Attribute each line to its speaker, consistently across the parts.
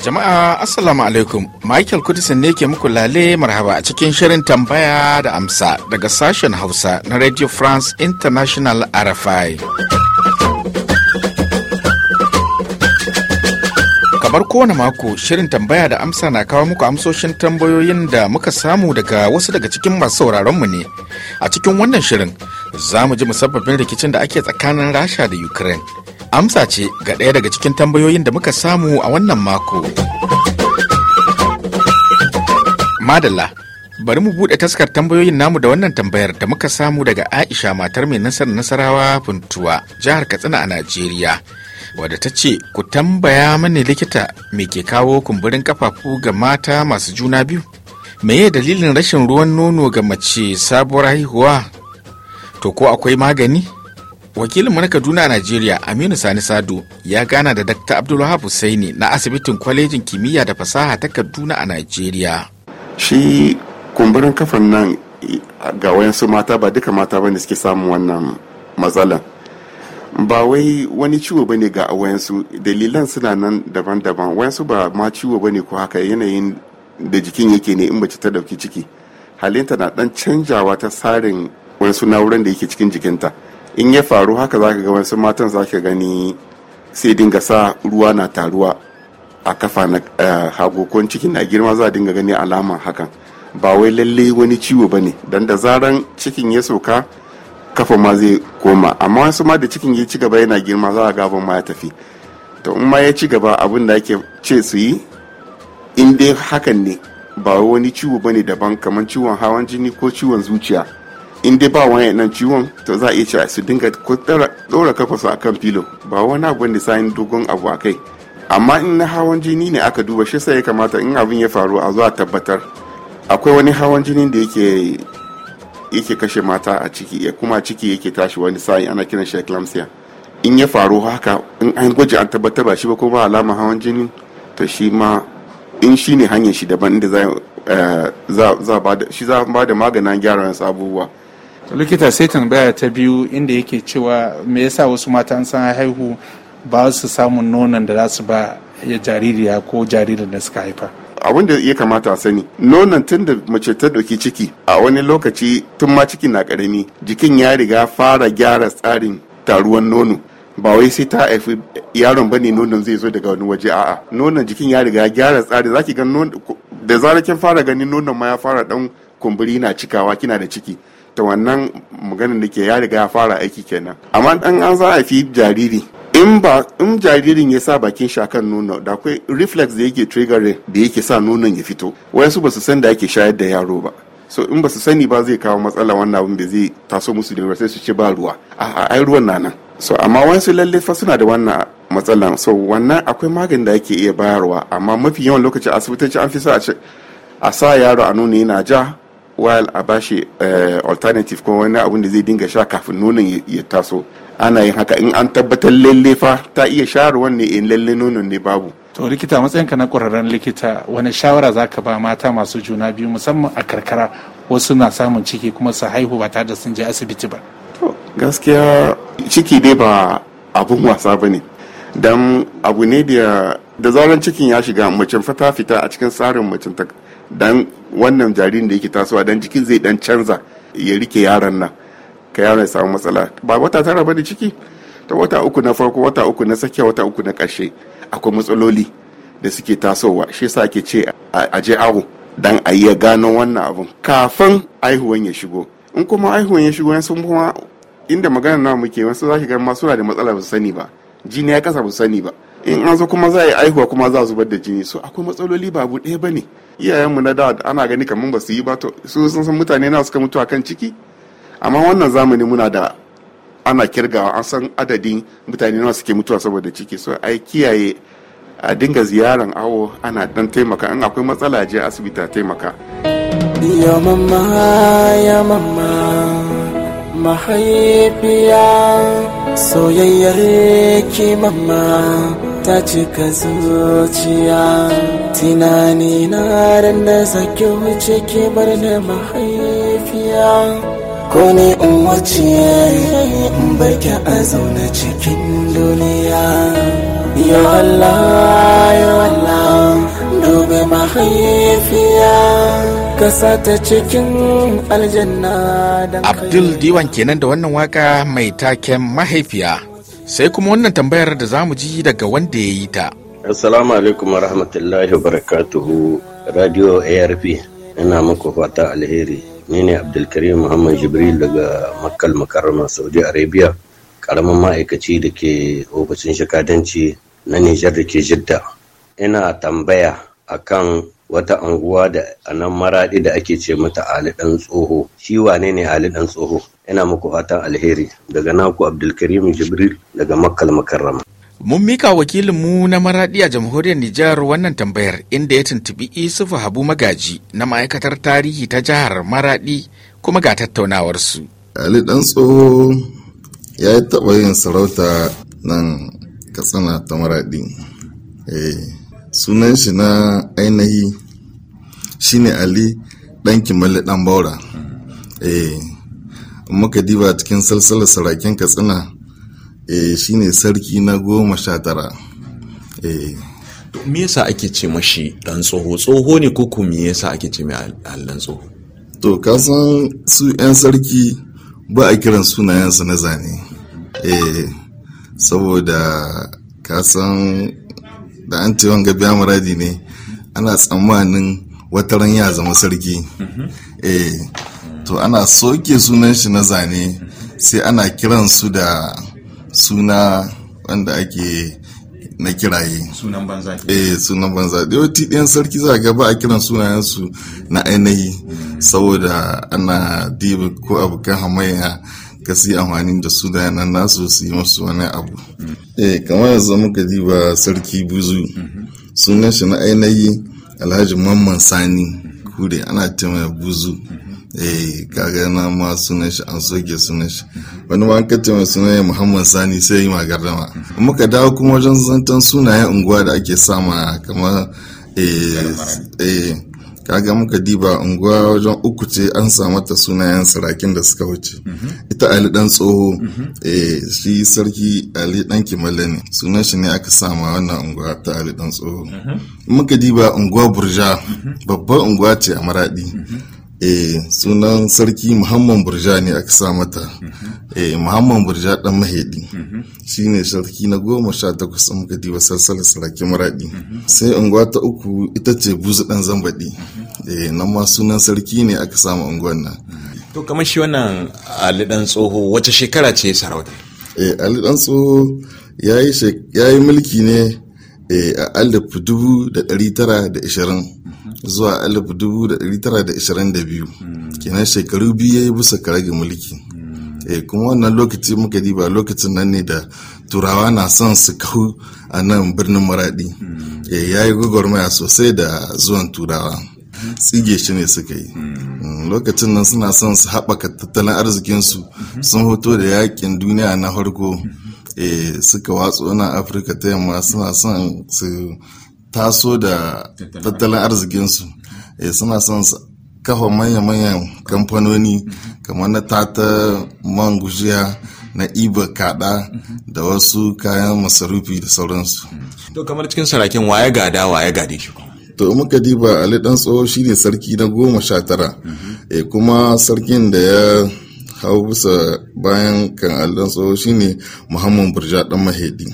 Speaker 1: Jama'a Assalamu alaikum Michael Kudisin ne ke muku lale marhaba a cikin shirin tambaya da amsa daga sashen Hausa na Radio France International RFI. labar kowane mako shirin tambaya da amsa na kawo muku amsoshin tambayoyin da muka samu daga wasu daga cikin masu mu ne a cikin wannan shirin za mu ji musabbabin rikicin da ake tsakanin rasha da ukraine amsa ce ga ɗaya daga cikin tambayoyin da muka samu a wannan mako madalla bari mu buɗe taskar tambayoyin namu da wannan tambayar da muka samu daga aisha matar mai nasarar nasarawa funtuwa jihar katsina a najeriya wadda ta ce ku tambaya mani likita mai ke kawo kumburin kafafu ga mata masu juna biyu meye dalilin rashin ruwan nono ga mace sabuwar haihuwa to ko akwai magani wakilin na kaduna a najeriya aminu sani sado ya gana da dr abdulwahab husaini na asibitin kwalejin kimiyya da fasaha ta kaduna a najeriya
Speaker 2: shi kumburin kafan nan ga wayansu mata ba duka mata ba bane suke samun wannan matsalan ba wai wani ciwo bane ga wayansu dalilan suna nan daban-daban wayansu ba ma ciwo bane ko haka yanayin da jikin yake ne in bace ta dauki ciki halinta na dan canjawa ta tsarin wayansu na'uran da yake cikin jikinta in ya faru haka zaka ga wasu matan zaka gani sai dinga sa ruwa na taruwa a kafa na hagokon cikin na girma za a dinga gani alama hakan ba wai lalle wani ciwo bane dan da zaran cikin ya sauka. kafa ma zai koma amma wasu ma da cikin ya ci gaba yana girma za a gaban ma ya tafi to in ya ci gaba abin da ake ce su yi in dai hakan ne ba wani ciwo ba ne daban kamar ciwon hawan jini ko ciwon zuciya in dai ba wani nan ciwon to za a iya cewa su dinga ɗora kafa su akan filo ba wani abu ne dogon abu a kai amma in na hawan jini ne aka duba shi sai ya kamata in abin ya faru a zuwa tabbatar akwai wani hawan jinin da yake yake kashe mata a ciki ya kuma ciki yake tashi wani sa'i ana kiran shi eclampsia in ya faru haka in an gwaji an tabbatar ba shi ba ko ba alama hawan jini to shi ma in shi ne hanyar shi daban inda za eh, shi za ba da maganin gyara wasu
Speaker 1: abubuwa likita sai tambaya ta biyu inda yake cewa me yasa wasu mata an san haihu ba su samun nonon da za su ba ya jaririya ko jaririn da suka haifa
Speaker 2: abin da ya kamata a sani nonon tun da mace ta ɗauki ciki a wani lokaci tun ma ciki na karami jikin ya riga fara gyara tsarin taruwan nono ba wai sai ta haifi yaron ba ne nonon zai zo daga wani waje a'a nonon jikin ya riga gyara tsarin zaki ga da zarar kin fara ganin nonon ma ya fara dan kumburi na cikawa kina da ciki ta wannan maganin da ke ya riga ya fara aiki kenan amma dan an za a fi jariri in ba in jaririn ya sa bakin shi akan nono da akwai reflex da yake triggering da yake sa nonon ya fito wayansu ba su san da yake shayar da yaro ba so in ba su sani ba zai kawo matsala wannan abin da zai taso musu da sai su ce ba ruwa a'a ai ruwan na nan so amma su lalle fa suna da wannan matsalan so wannan akwai magani da ake iya bayarwa amma mafi yawan lokacin asibitoci an fi sa a sa yaro a nono yana ja while a bashi eh, alternative ko wani abin da zai dinga sha kafin nonon ya taso ana yin haka in an tabbatar lalle fa ta iya sharuwan ne in eh, lalle nonon ne babu
Speaker 1: to likita matsayinka na ƙwararren likita wani shawara za ka ba mata masu juna biyu musamman a karkara wasu na samun ciki kuma su haihu ba tare da sun je asibiti ba
Speaker 2: to gaskiya ciki dai ba abun wasa ba ne don abu ne da da zaran cikin ya shiga mace fata fita a cikin tsarin mace ta dan wannan jaririn da yake tasowa dan jikin zai dan canza ya rike yaron nan ka yaron ya samu matsala ba wata tara ba da ciki ta wata uku na farko wata uku na tsakiya wata uku na ƙarshe akwai matsaloli da suke tasowa shi yasa ake ce a je awo dan a iya gano wannan abun kafin aihuwan ya shigo in kuma aihuwan ya shigo sun kuma inda magana na muke wasu za ki ga ma suna da matsala ba su sani ba jini ya kasa ba sani ba in an zo kuma za a yi aihuwa kuma za a zubar da jini so akwai matsaloli ba ɗaya ba ne iyayenmu na da ana gani kamar ba su yi ba to su sun san mutane na suka mutu kan ciki amma wannan zamani muna da ana kirgawa an san adadin mutane nawa suke mutuwa saboda ciki so ai kiyaye a dinga ziyaran awo ana dan taimaka in akwai matsala je asibiti taimaka
Speaker 1: ya mama ya mama mahaifiya soyayyar ki mama ta cika zuciya tunani na ran da sake wuce ke bar da mahaifiya ko ne in wace in barka a zaune cikin duniya ya Allah ya Allah dube mahaifiya kasa ta cikin aljanna da Abdul Diwan kenan da wannan waka mai taken mahaifiya sai kuma wannan tambayar da zamu ji daga wanda ya yi ta Assalamu alaikum wa rahmatullahi wa
Speaker 2: barakatuhu Radio ARP ina muku fata alheri ni ne abdulkarim muhammad jibril daga makkal makarama saudi arabia karamin ma'aikaci da ke ofishin shakadanci na nijar da ke jidda ina tambaya akan wata anguwa da a nan maraɗi da ake ce mata ali tsoho shi wane ne ali tsoho ina muku fatan alheri daga naku abdulkarim jibril daga makkal
Speaker 1: makarrama Mun mika wakilinmu na maraɗi a jamhuriyar Nijar wannan tambayar inda ya tuntubi Isufu Habu Magaji na ma'aikatar tarihi ta jihar maraɗi kuma ga tattaunawarsu.
Speaker 3: Ali ɗan tsoho ya yi taɓa yin sarauta nan katsina ta maraɗi. Eh, sunan shi na ainihi shi ne Ali ɗan Kimali ɗan Baura. Eh, muka diba cikin salsalar sarakin katsina shi eh, shine sarki na goma sha tara eh. me yasa ake ce mashi dan tsoho tsoho ne ko kuma me yasa ake ce mai allan tsoho to ka san su yan sarki ba a kiran sunayensu na zane eh saboda ka san da an ce wanga biya muradi ne ana tsammanin wata ran ya zama sarki mm-hmm. eh to ana soke sunan shi na zane sai ana kiran su da suna wanda ake na kiraye sunan banza eh sunan banza yawanci ɗayan sarki za ga ba a kiran sunayensu na ainihi saboda ana diba ko abokan hamayya ka siya amfani da sunayen nan nasu su yi masu wani abu eh kamar yanzu muka diba sarki buzu sunan shi na ainihi alhaji mamman sani kure ana ce buzu eh kaga na ma sunan shi an soke sunan shi wani ma an kace mai sunan ya muhammad sani sai yi magardama muka dawo kuma wajen zantan sunayen unguwa da ake sama kamar eh, eh kaga muka diba unguwa wajen uku ce an samu ta sunayen sarakin da suka wuce ita ali dan tsoho eh shi sarki ali dan kimalla ne sunan shi ne aka sama wannan unguwa ta ali dan tsoho muka diba unguwa burja babban unguwa ce a maradi e sunan sarki muhammad burja ne aka sa mata e muhammad burja dan mahedi mhm. shine sarki na goma sha takwas a muka diba sarsala sarki maradi mhm. sai unguwa ta uku ita ce buzu dan zambadi. e nan ma sunan sarki ne aka samu unguwan nan to kamar
Speaker 4: shi wannan ali dan tsoho wace shekara ce sarauta
Speaker 3: e ali dan tsoho yayi yayi mulki ne a alif dubu da ɗari tara da ishirin zuwa 1922 hmm. kenan shekaru biyu ya yi bisa karagin mulki hmm. eh kuma wannan lokaci muka diba lokacin nan ne da turawa na son su kawo a nan birnin maradi hmm. eh ya yi gwagwarmaya sosai da zuwan turawa tsige shi ne suka yi lokacin nan suna son su haɓaka tattalin arzikinsu sun hoto da yakin duniya na harko. Eh, suka watsu na afirka ta yamma suna son su taso da tattalin arzikinsu eh, suna son kafa manya-manyan kamfanoni mm-hmm. kamar na tata man gujiya na iba kada mm-hmm. da wasu kayan masarufi da sauransu
Speaker 4: mm. to kamar cikin sarakin waye gada waye gade shi to
Speaker 3: muka diba ali dan tsoho shine sarki na goma sha tara mm-hmm. eh, kuma sarkin da ya hau bisa bayan kan dan tsoho shine muhammad burja dan mahedi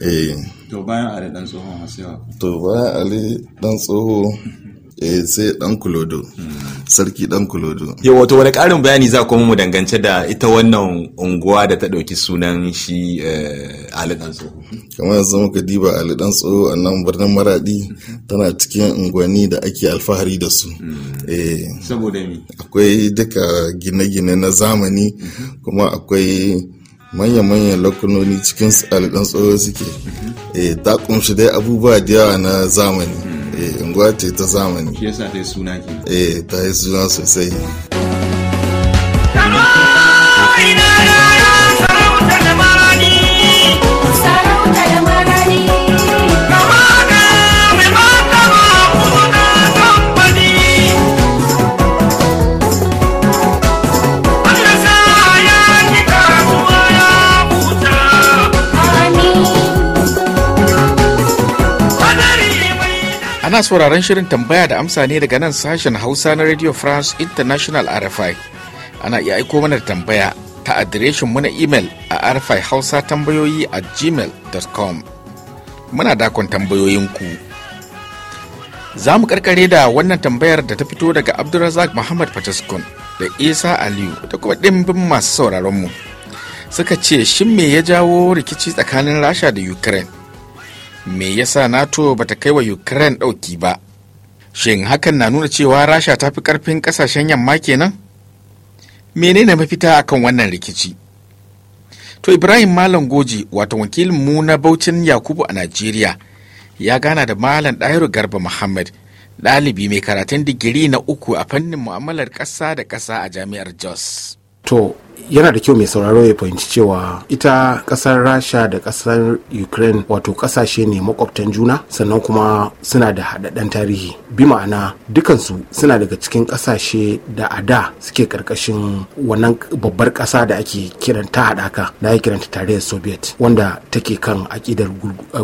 Speaker 3: eh to bayan ali dan tsoho masu to bayan ali dan tsoho eh sai dan kulodo hmm. sarki dan kulodo yau wato wani karin bayani za kuma mu dangance da ita wannan unguwa da ta dauki sunan shi eh, ali dan tsoho kamar yanzu muka diba ali dan tsoho a nan birnin maradi tana cikin unguwanni da ake alfahari da su hmm. eh saboda me akwai duka gine-gine na zamani hmm. kuma akwai manya-manyan lakunoni cikin alƙan tsoro suke eh, ta kunshi dai abubuwa da yawa na zamani eh, unguwa ce ta zamani eh, ta yi suna sosai
Speaker 1: Ana sauraron shirin tambaya da amsa ne daga nan sashen Hausa na Radio France International RFI. Ana iya aiko mana tambaya ta adireshin mu na imel a RFI Hausa tambayoyi a gmail.com. Muna dakon tambayoyinku. Za mu karkare da wannan tambayar da ta fito daga Abdulrazak Muhammad Fataskun da Isa Aliyu da kuma ɗimbin masu sauraronmu. Suka ce shin me ya jawo rikici tsakanin Rasha da Ukraine? me yasa nato ba ta kai wa ukraine ɗauki ba shin hakan na nuna cewa rasha ta fi ƙarfin ƙasashen yamma kenan menene mafita akan wannan rikici to ibrahim malam goji wato wakilin mu na baucin yakubu a najeriya ya gana da malam dairu garba muhammad ɗalibi mai karatun digiri na uku a fannin mu'amalar ƙasa da ƙasa a jami'ar
Speaker 4: jos to yana da kyau mai sauraro ya fahimci cewa ita kasar rasha da kasar ukraine wato kasashe ne makwabtan juna sannan kuma suna da haɗaɗɗen tarihi bi ma'ana dukansu suna daga cikin kasashe da a da suke karkashin wannan babbar ƙasa da ake kiran ta haɗaka da ake kiranta tarayyar soviet wanda take kan aƙidar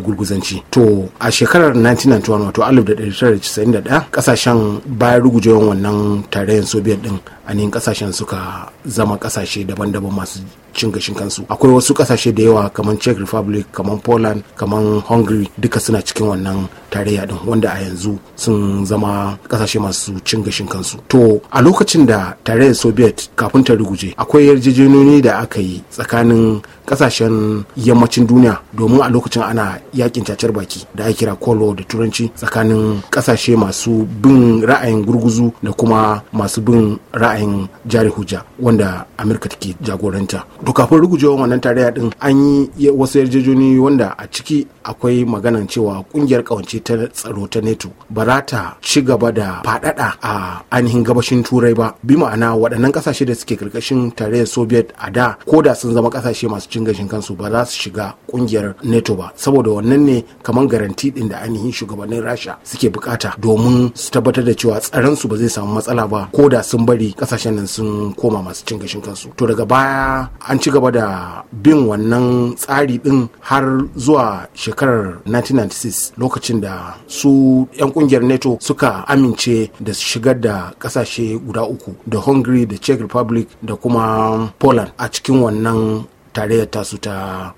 Speaker 4: gurguzanci to a shekarar 1991 wato 1991 kasashen bayan rugujewan wannan tarayyar soviet din a kasashen suka zama kasashe daban-daban masu cin gashin kansu akwai wasu kasashe da yawa kamar czech republic kamar poland kamar hungary duka suna cikin wannan tarayya din wanda a yanzu sun zama kasashe masu cin gashin kansu to a lokacin da tarayyar soviet kafin ta ruguje akwai yarjejeniyoyi da aka yi tsakanin kasashen yammacin duniya domin a lokacin ana yakin cacar baki da ake kira kolo da turanci tsakanin kasashe masu bin ra'ayin gurguzu da kuma masu bin ra'ayin jari hujja wanda amurka take jagoranta to kafin rugujewan wannan tarayya din an yi wasu yarjejeniyoyi wanda a ciki akwai maganan cewa kungiyar kawance ta tsaro ta neto ba za ta ci gaba da faɗaɗa a ainihin gabashin turai ba bi ma'ana waɗannan ƙasashe da suke karkashin tarayyar soviet a da ko da sun zama ƙasashe masu cin gashin kansu ba za su shiga kungiyar neto ba saboda wannan ne kamar garanti din da ainihin shugabannin rasha suke bukata domin su tabbatar da cewa tsaron su ba zai samu matsala ba ko da sun bari ƙasashen nan sun koma masu cin gashin kansu to daga baya an ci gaba da bin wannan tsari din har zuwa shekarar 1996 lokacin da su 'yan kungiyar neto suka amince da shigar da kasashe guda uku da hungary da czech republic da kuma poland a cikin wannan tarayyar tasu ta,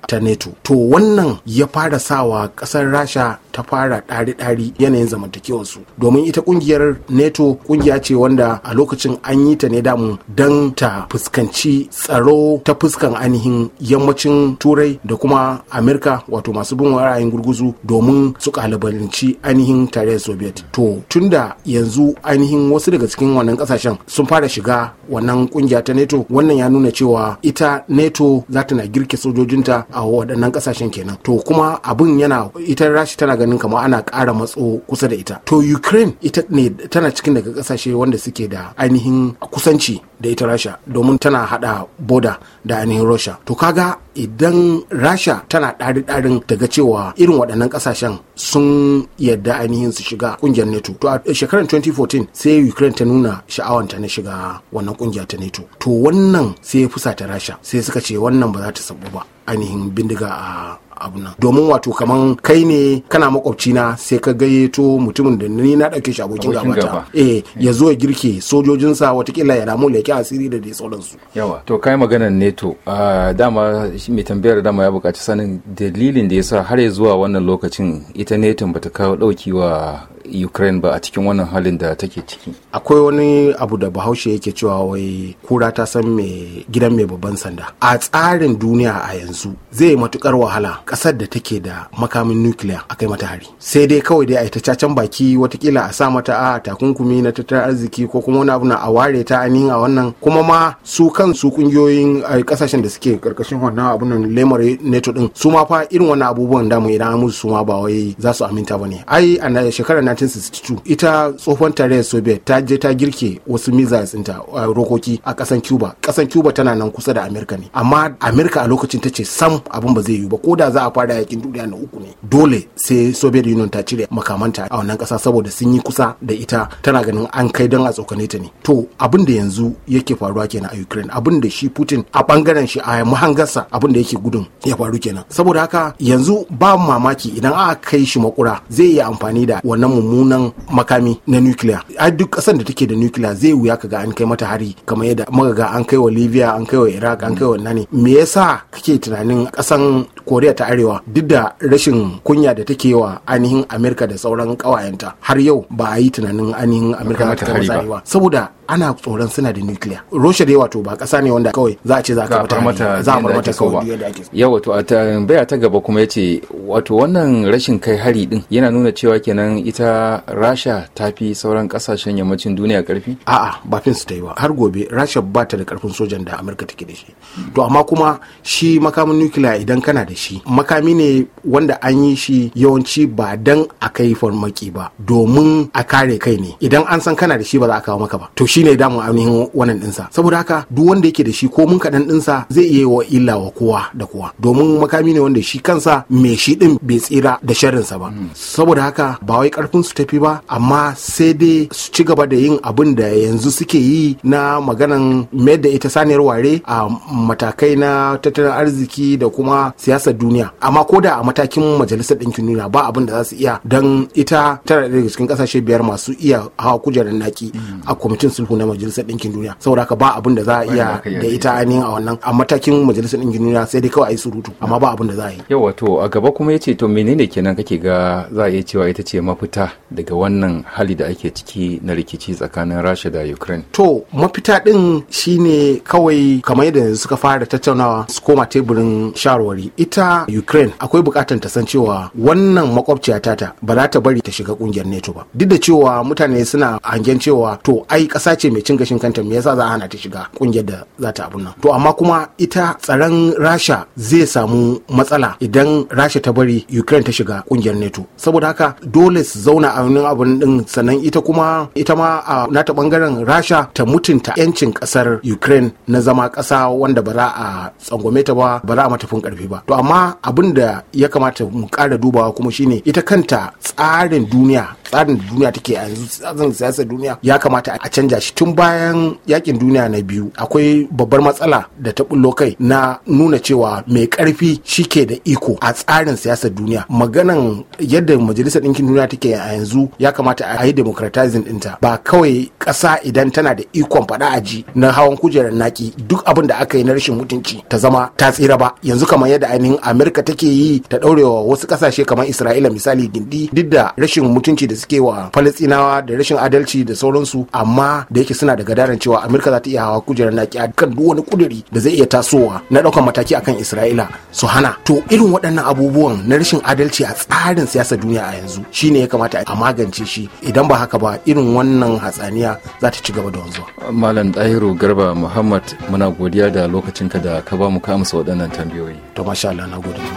Speaker 4: ta neto to wannan ya fara sawa kasar rasha ta fara ɗari-ɗari yanayin zamantakewarsu domin ita ƙungiyar neto ƙungiya ce wanda a lokacin an yi ta ne damu don ta fuskanci tsaro ta fuskan ainihin yammacin turai da kuma amerika wato masu bin ra'ayin gurguzu domin su kalibalinci ainihin tarayyar soviet to tunda yanzu ainihin wasu daga cikin wannan kasashen sun fara shiga wannan ƙungiya ta neto wannan ya nuna cewa ita neto za ta na girke sojojinta a waɗannan kasashen kenan to kuma abin yana ita rashi tana ganin kamar ana ƙara matso kusa da ita to ukraine ita ne tana cikin daga ƙasashe wanda suke da ainihin kusanci da ita rasha domin tana hada boda da ainihin rasha to kaga idan rasha tana ɗari-ɗarin daga cewa irin waɗannan ƙasashen sun yadda ainihin su shiga ƙungiyar neto to a shekarar 2014 sai ukraine ta nuna sha'awanta na shiga wannan ƙungiya ta neto to wannan sai ya fusata rasha sai suka ce wannan ba za ta sabu ba ainihin bindiga a abu nan domin wato kaman kai ne kana makwabci na sai ka gayyato mutumin da ni na dauke shi abokin gabata eh, eh ya zo ya girke sojojinsa watakila ya ramu leke asiri da dai sauransu yawa to kai maganar neto ah, dama mai tambayar dama ya bukaci sanin dalilin da sa har ya zuwa wannan lokacin ita neto bata kawo dauki wa ukraine ba a cikin wannan halin da take ciki akwai wani abu da bahaushe yake cewa wai kura ta san mai gidan mai babban sanda a tsarin duniya a yanzu zai matukar wahala kasar da take da makamin nukiliya a kai mata hari sai dai kawai dai a ta cacan baki watakila a sa mata a takunkumi na tattalin arziki ko kuma wani abu na a ware ta ainihin a wannan kuma ma su kan su kungiyoyin kasashen eh, da suke karkashin wannan abun nan lemar neto din su ma fa irin wannan abubuwan damu idan an musu su ma ba wai za su aminta ba ne ai a shekarar 1962 ita tsohon tarayyar soviet ta je ta girke wasu missiles ɗinta eh, rokoki a kasan cuba kasan cuba tana nan kusa da amerika ne amma amerika a lokacin ta ce sam abun ba zai yiwu ba ko da za a fara yakin duniya na uku ne dole sai soviet union ta cire makamanta a wannan kasa saboda sun yi kusa da ita tana ganin an kai don a tsokane ta ne to abin da yanzu yake faruwa kenan a ukraine abin da shi putin a bangaren shi a muhangarsa abin da yake gudun ya faru kenan saboda haka yanzu ba mamaki idan aka kai shi makura zai yi amfani da wannan mummunan makami na nukiliya a duk kasan da take da nukiliya zai wuya ka ga an kai mata hari kamar yadda muka ga an kai wa libya an kai wa iraq an kai wa nane me yasa kake tunanin kasan koriya ta ta arewa duk da rashin kunya da take wa ainihin amerika da sauran kawayenta har yau ba a yi tunanin ainihin amerika ta ba saboda ana tsoron suna da nukiliya russia dai wato ba kasa ne wanda kawai za a ce za a mata za a mata kawai da ake ya wato a tambaya ta gaba kuma yace wato wannan rashin kai hari din yana nuna cewa kenan ita rasha ta fi sauran kasashen yammacin duniya karfi a'a ba fin su ta yi ba har gobe rasha ba ta da karfin sojan da amurka take da shi to amma kuma shi makamin nukiliya idan kana da shi makami ne wanda an yi shi yawanci ba dan a kai farmaki ba domin a kare kai ne idan an san kana da shi ba za a kawo maka ba to shi ne damun ainihin wannan dinsa saboda haka duk wanda yake da shi ko mun kaɗan dinsa zai iya wa illa wa kowa da kowa domin makami ne wanda shi kansa mai shi din bai tsira da sharrinsa ba hmm. saboda haka ba wai karfin su tafi ba amma sai dai su ci gaba da yin abin da yanzu suke yi na maganan mayar da ita saniyar ware a matakai na tattalin arziki da kuma siyasar duniya duniya amma ko da a matakin majalisar ɗinkin duniya ba abin da za su iya don ita tara daga cikin kasashe biyar masu iya hawa kujerar naki mm. a kwamitin sulhu na majalisar ɗinkin duniya saboda ka ba abin da za a iya da ita ainihin a wannan a matakin majalisar ɗinkin duniya sai dai kawai a yi surutu amma ba abin da za a yi.
Speaker 1: yawa to a gaba kuma ya ce to menene kenan kake ga za a iya cewa ita ce mafita daga wannan hali da ake ciki na rikici tsakanin rasha da ukraine.
Speaker 4: to mafita ɗin shine kawai kamar yadda suka fara tattaunawa su koma teburin shawarwari ita ukraine akwai bukatan ta san cewa wannan makwabciya tata ba za ta bari ta shiga kungiyar neto ba duk da cewa mutane suna hangen cewa to ai kasa ce mai cin gashin kanta me yasa za a hana ta shiga kungiyar da za ta abun nan to amma kuma ita tsaron rasha zai samu matsala idan rasha ta bari ukraine ta shiga kungiyar neto saboda haka dole su zauna a wani abun din sannan ita kuma ita ma a nata bangaren rasha ta mutunta yancin kasar ukraine na zama kasa wanda ba za a tsangwame ta ba ba za a matafin karfi ba to amma abin da ya kamata mu ƙara dubawa kuma shine ita kanta tsarin duniya tsarin da duniya take a yanzu tsarin siyasar duniya ya kamata a canja shi tun bayan yakin duniya na biyu akwai babbar matsala da ta bullo kai na nuna cewa mai karfi shike da iko a tsarin siyasar duniya maganan yadda majalisar ɗinkin duniya take a yanzu ya kamata a yi democratizing ɗinta ba kawai ƙasa idan tana da ikon faɗa a ji na hawan kujerar naki duk abin da aka yi na rashin mutunci ta zama ta tsira ba yanzu kamar yadda ainihin amerika amurka take yi ta ɗaurewa wasu ƙasashe kamar isra'ila misali gindi duk da rashin mutunci da suke wa falastinawa da rashin adalci da sauransu amma da yake suna da gadaran cewa amurka za ta iya hawa kujerar naki a kan duk wani kuduri da zai iya tasowa na ɗaukar mataki akan isra'ila su hana to irin waɗannan abubuwan na rashin adalci a tsarin siyasar duniya a yanzu shine ya kamata a magance shi idan ba haka ba irin wannan hatsaniya za ta ci gaba da wanzuwa malam ɗahiru garba muhammad muna godiya da lokacinka da ka ba mu ka waɗannan tambayoyi to masha na gode Road.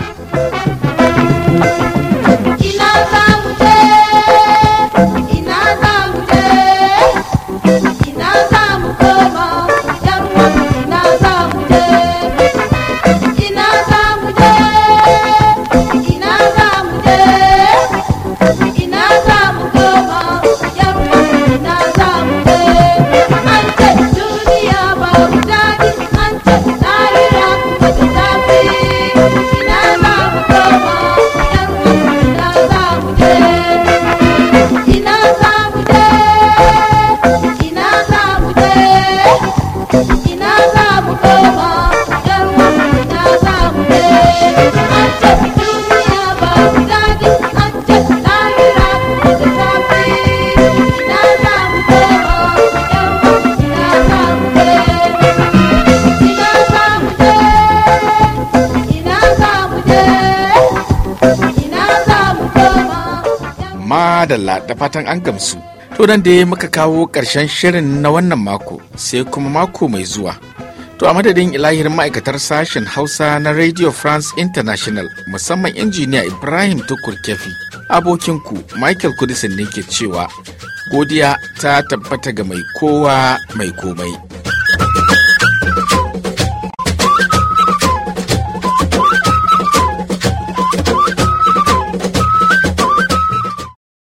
Speaker 1: madalla da fatan an gamsu. To nan dai muka kawo ƙarshen shirin na wannan mako sai kuma mako mai zuwa. To a madadin ilahirin ma'aikatar sashen Hausa na Radio France International musamman injiniya Ibrahim Tukur Kefi abokinku Michael Kudisin ne ke cewa godiya ta tabbata ga mai kowa mai komai.